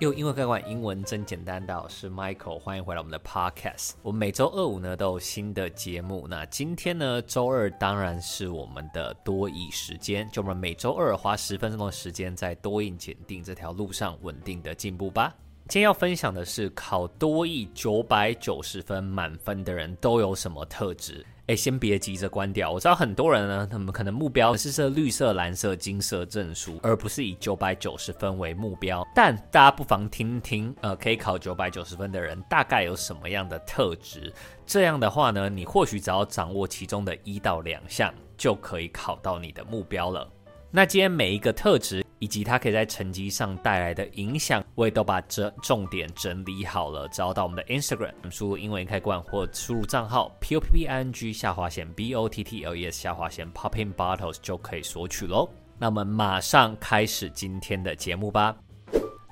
英文易開罐，英文真簡單的，我是 Michael，歡迎回來我們的 podcast。我們每周二五呢都有新的節目。那今天呢周二當然是我們的多益時間，就我們每周二花十分鐘的時間在多益檢定這條路上穩定的進步吧。今天要分享的是考多益九百九十分滿分的人都有什麼特質？哎，先別急着關掉。我知道很多人呢，他們可能目標是這綠色、藍色、金色證書，而不是以九百九十分為目標。但大家不妨聽聽，呃，可以考九百九十分的人大概有什麼樣的特質。這樣的話呢，你或許只要掌握其中的一到兩項，就可以考到你的目標了。那今天每一個特質以及它可以在成績上帶來的影響，我也都把這重點整理好了。找到我們的 Instagram，輸入英文易開罐或輸入賬號 p o p p i n g 下劃線 b o t t l e s 下劃線 popping bottles 就可以索取嘍。那我們馬上開始今天的節目吧。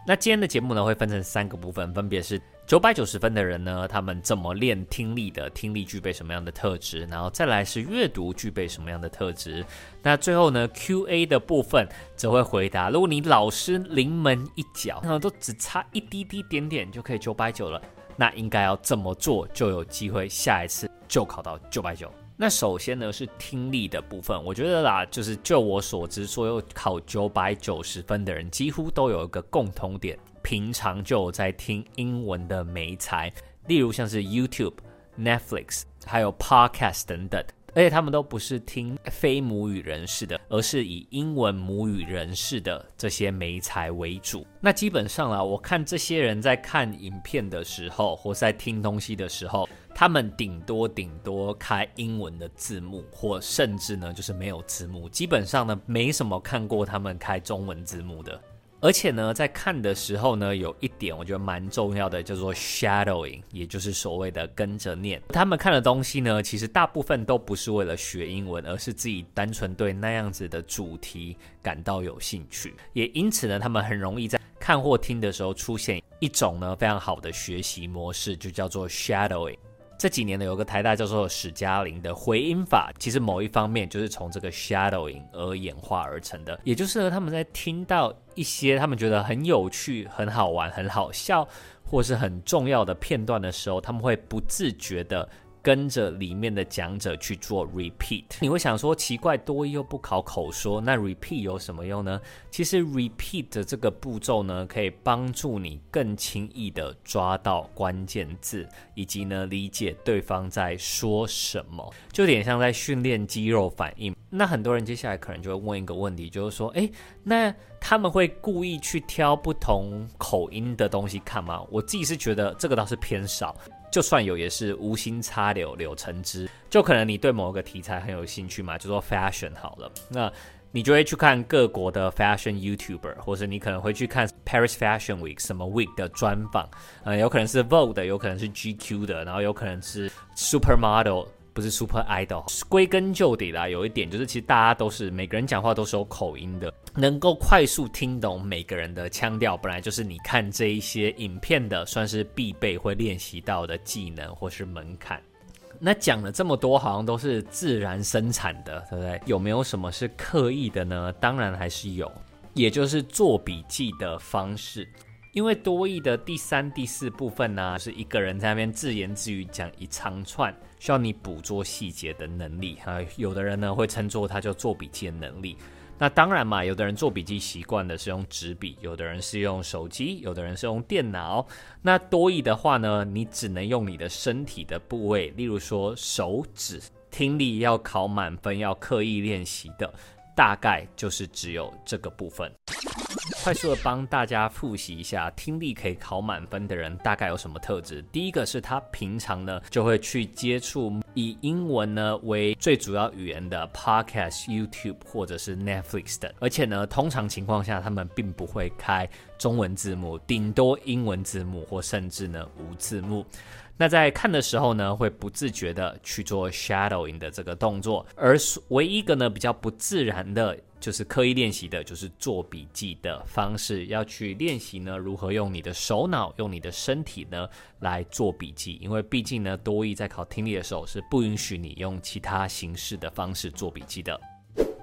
那今天的節目呢，會分成三個部分，分別是九百九十分的人呢，他們怎麼練聽力的？聽力具備什麼樣的特質？然後再來是閱讀具備什麼樣的特質？那最後呢，Q&A 的部分則會回答，如果你老師臨門一腳，那都只差一滴滴點點就可以九百九了，那應該要怎麼做，就有機會下一次就考到九百九。那首先呢是聽力的部分，我覺得啦，就是就我所知，所有考九百九十分的人，幾乎都有一個共同點，平常就有在聽英文的媒材，例如像是 YouTube、Netflix，還有 Podcast 等等，而且他們都不是聽非母語人士的，而是以英文母語人士的這些媒材為主。那基本上啊，我看這些人在看影片的時候，或在聽東西的時候，他們頂多頂多開英文的字幕，或甚至呢就是沒有字幕。基本上呢沒什麼看過他們開中文字幕的。而且呢在看的時候呢有一點我覺得蠻重要的，叫做 shadowing，也就是所謂的跟着念。他們看的東西呢其實大部分都不是為了學英文，而是自己單純對那樣子的主題感到有興趣。也因此呢他們很容易在看或聽的時候出現一種呢非常好的學習模式，就叫做 shadowing。這幾年呢，有個台大教授史嘉琳的回音法，其實某一方面就是從這個 shadowing 而演化而成的。也就是呢，他們在聽到一些他們覺得很有趣、很好玩、很好笑，或是很重要的片段的時候，他們會不自覺地，跟着裡面的講者去做 repeat，你會想說奇怪，多益不考口說，那 repeat 有什麼用呢？其實 repeat 的這個步驟呢，可以幫助你更輕易地抓到關鍵字，以及呢理解對方在說什麼，就有點像在訓練肌肉反應。那很多人接下來可能就會問一個問題，就是說，誒，那他們會故意去挑不同口音的東西看嗎？我自己是覺得這個倒是偏少。就算有，也是無心插柳柳成枝。就可能你對某一個題材很有興趣嘛，就說 fashion 好了，那你就會去看各國的 fashion YouTuber，或是你可能會去看 Paris Fashion Week 什麼 week 的專訪，呃、嗯，有可能是 Vogue 的，有可能是 GQ 的，然後有可能是 Supermodel。不是 Super Idol，歸根究底啦，有一點就是，其實大家都是每個人講話都是有口音的，能夠快速聽懂每個人的腔調，本來就是你看這一些影片的算是必備會練習到的技能或是門檻。那講了這麼多，好像都是自然生產的，對不對？有沒有什麼是刻意的呢？當然還是有，也就是做筆記的方式。因為多益的第三、第四部分呢，是一個人在那邊自言自語講一長串，需要你捕捉細節的能力啊。有的人呢會稱作他叫做筆記的能力。那當然嘛，有的人做筆記習慣的是用紙筆，有的人是用手機，有的人是用電腦。那多益的話呢，你只能用你的身體的部位，例如說手指。聽力要考滿分，要刻意練習的，大概就是只有這個部分。快速的幫大家複習一下，聽力可以考滿分的人大概有什麼特質？第一個是他平常呢就會去接觸以英文呢為最主要語言的 Podcast、YouTube 或者是 Netflix 的，而且呢通常情況下他們並不會開中文字幕，頂多英文字幕或甚至呢無字幕。那在看的時候呢，會不自覺的去做 shadowing 的這個動作，而唯一一個呢比較不自然的，就是刻意練習的，就是做筆記的方式，要去練習呢如何用你的手腦，用你的身體呢來做筆記，因為畢竟呢，多益在考聽力的時候是不允許你用其他形式的方式做筆記的。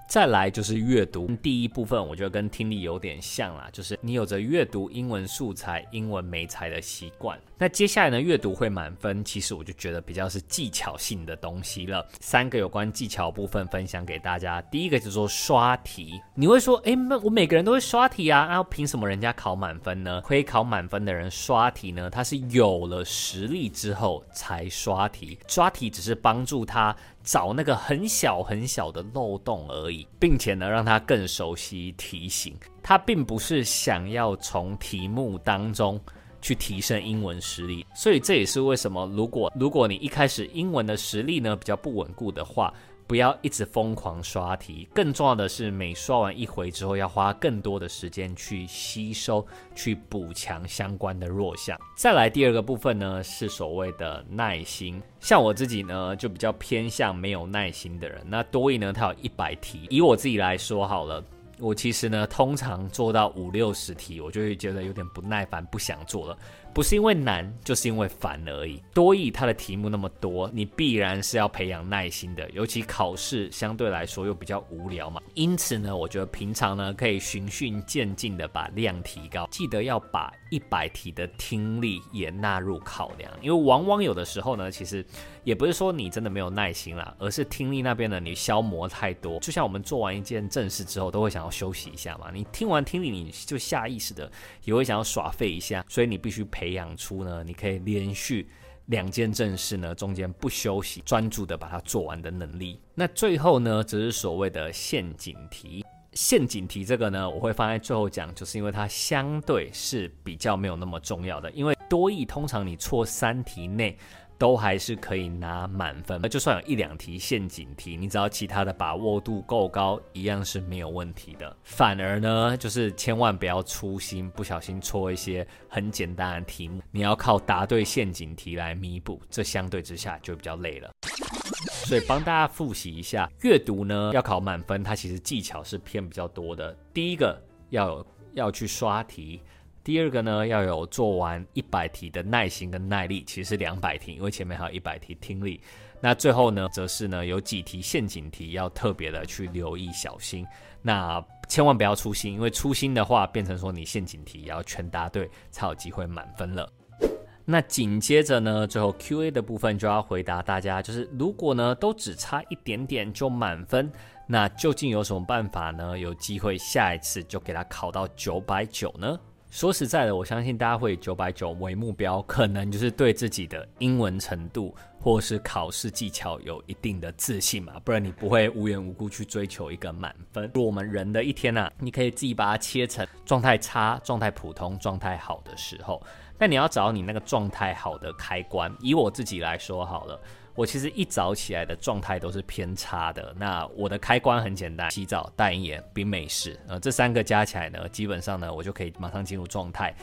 再來就是閱讀第一部分，我覺得跟聽力有點像啦，就是你有着閱讀英文素材、英文媒材的習慣。那接下來呢，閱讀會滿分，其實我就覺得比較是技巧性的東西了。三個有關技巧部分分享給大家，第一個就是說刷題。你會說，誒、欸，那我每個人都會刷題啊，啊，憑什麼人家考滿分呢？可以考滿分的人刷題呢？他是有了實力之後才刷題，刷題只是幫助他。找那個很小很小的漏洞而已，並且呢讓他更熟悉題型，他並不是想要從題目當中去提升英文實力，所以這也是為什麼，如果如果你一開始英文的實力呢比較不穩固的話。不要一直瘋狂刷題，更重要的是，每刷完一回之後，要花更多的時間去吸收、去補強相關的弱項。再來第二個部分呢，是所謂的耐心。像我自己呢，就比較偏向沒有耐心的人。那多益呢，它有一百題，以我自己來說好了。我其實呢，通常做到五六十題，我就會覺得有點不耐煩，不想做了。不是因為難，就是因為煩而已。多益它的題目那麼多，你必然是要培養耐心的，尤其考試相對來說又比較無聊嘛。因此呢，我覺得平常呢可以循序漸進的把量提高，記得要把。一百題的聽力也納入考量，因為往往有的時候呢，其實也不是說你真的沒有耐心啦，而是聽力那邊呢你消磨太多。就像我們做完一件正事之後，都會想要休息一下嘛。你聽完聽力，你就下意識的也會想要耍廢一下，所以你必須培養出呢，你可以連續兩件正事呢中間不休息，專注的把它做完的能力。那最後呢，則是所謂的陷阱題。陷阱題這個呢，我會放在最後講，就是因為它相對是比較沒有那麼重要的。因為多益，通常你錯三題內都還是可以拿滿分，那就算有一兩題陷阱題，你只要其他的把握度夠高，一樣是沒有問題的。反而呢，就是千萬不要粗心，不小心錯一些很簡單的題目，你要靠答對陷阱題來彌補，這相對之下就比較累了。所以幫大家複習一下，閱讀呢要考滿分，它其實技巧是偏比較多的。第一個要有要去刷題，第二個呢要有做完一百題的耐心跟耐力，其實是兩百題，因為前面還有一百題聽力。那最後呢，則是呢有幾題陷阱題要特別的去留意小心，那千萬不要粗心，因為粗心的話變成說你陷阱題也要全答對才有機會滿分了。那緊接着呢，最後 QA 的部分就要回答大家，就是如果呢都只差一點點就滿分，那究竟有什麼辦法呢？有機會下一次就給他考到九百九呢？說實在的，我相信大家會以九百九為目標，可能就是對自己的英文程度或是考試技巧有一定的自信嘛，不然你不會無緣無故去追求一個滿分。如我們人的一天啊，你可以自己把它切成狀態差、狀態普通、狀態好的時候。但你要找你那個狀態好的開關。以我自己來說好了，我其實一早起來的狀態都是偏差的。那我的開關很簡單：洗澡、淡眼、冰美式。呃，這三個加起來呢，基本上呢，我就可以馬上進入狀態。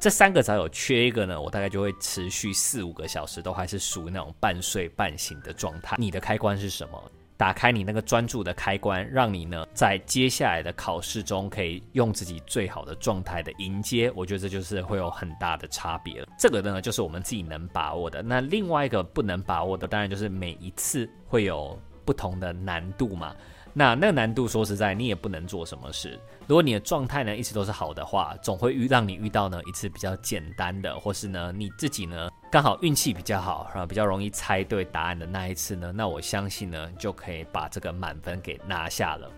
這三個只要有缺一個呢，我大概就會持續四五個小時都還是屬於那種半睡半醒的狀態。你的開關是什麼？打開你那個專注的開關，讓你呢在接下來的考試中可以用自己最好的狀態的迎接。我覺得這就是會有很大的差別了。這個呢就是我們自己能把握的。那另外一個不能把握的，當然就是每一次會有不同的難度嘛。那那個難度說實在，你也不能做什麼事。如果你的狀態呢一直都是好的話，總會遇讓你遇到呢一次比較簡單的，或是呢你自己呢剛好運氣比較好，比較容易猜對答案的那一次呢，那我相信呢就可以把這個滿分給拿下了。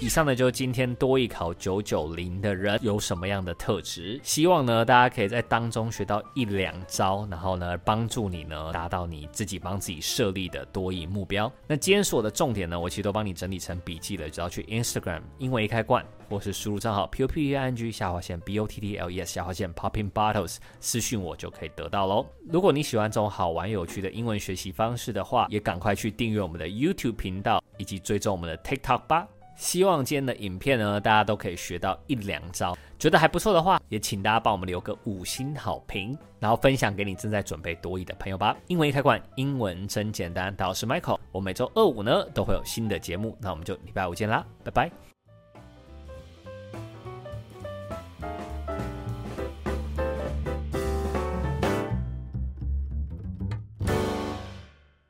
以上呢就是今天多益考990的人有什麼樣的特質，希望呢大家可以在當中學到一兩招，然後呢幫助你呢達到你自己幫自己設立的多益目標。那今天所有的重點呢，我其實都幫你整理成筆記了，只要去 Instagram，英文易開罐或是輸入賬號 p o p p i n g 下劃線 b o t t l e s 下劃線 popping bottles 私訊我就可以得到嘍。如果你喜歡這種好玩有趣的英文學習方式的話，也趕快去訂閱我們的 YouTube 頻道以及追蹤我們的 TikTok 吧。希望今天的影片呢，大家都可以學到一兩招。覺得還不錯的話，也請大家幫我們留個五星好評，然後分享給你正在準備多益的朋友吧。英文易開罐，英文真簡單，我是 Michael，我每周二五呢都會有新的節目，那我們就禮拜五見啦，拜拜。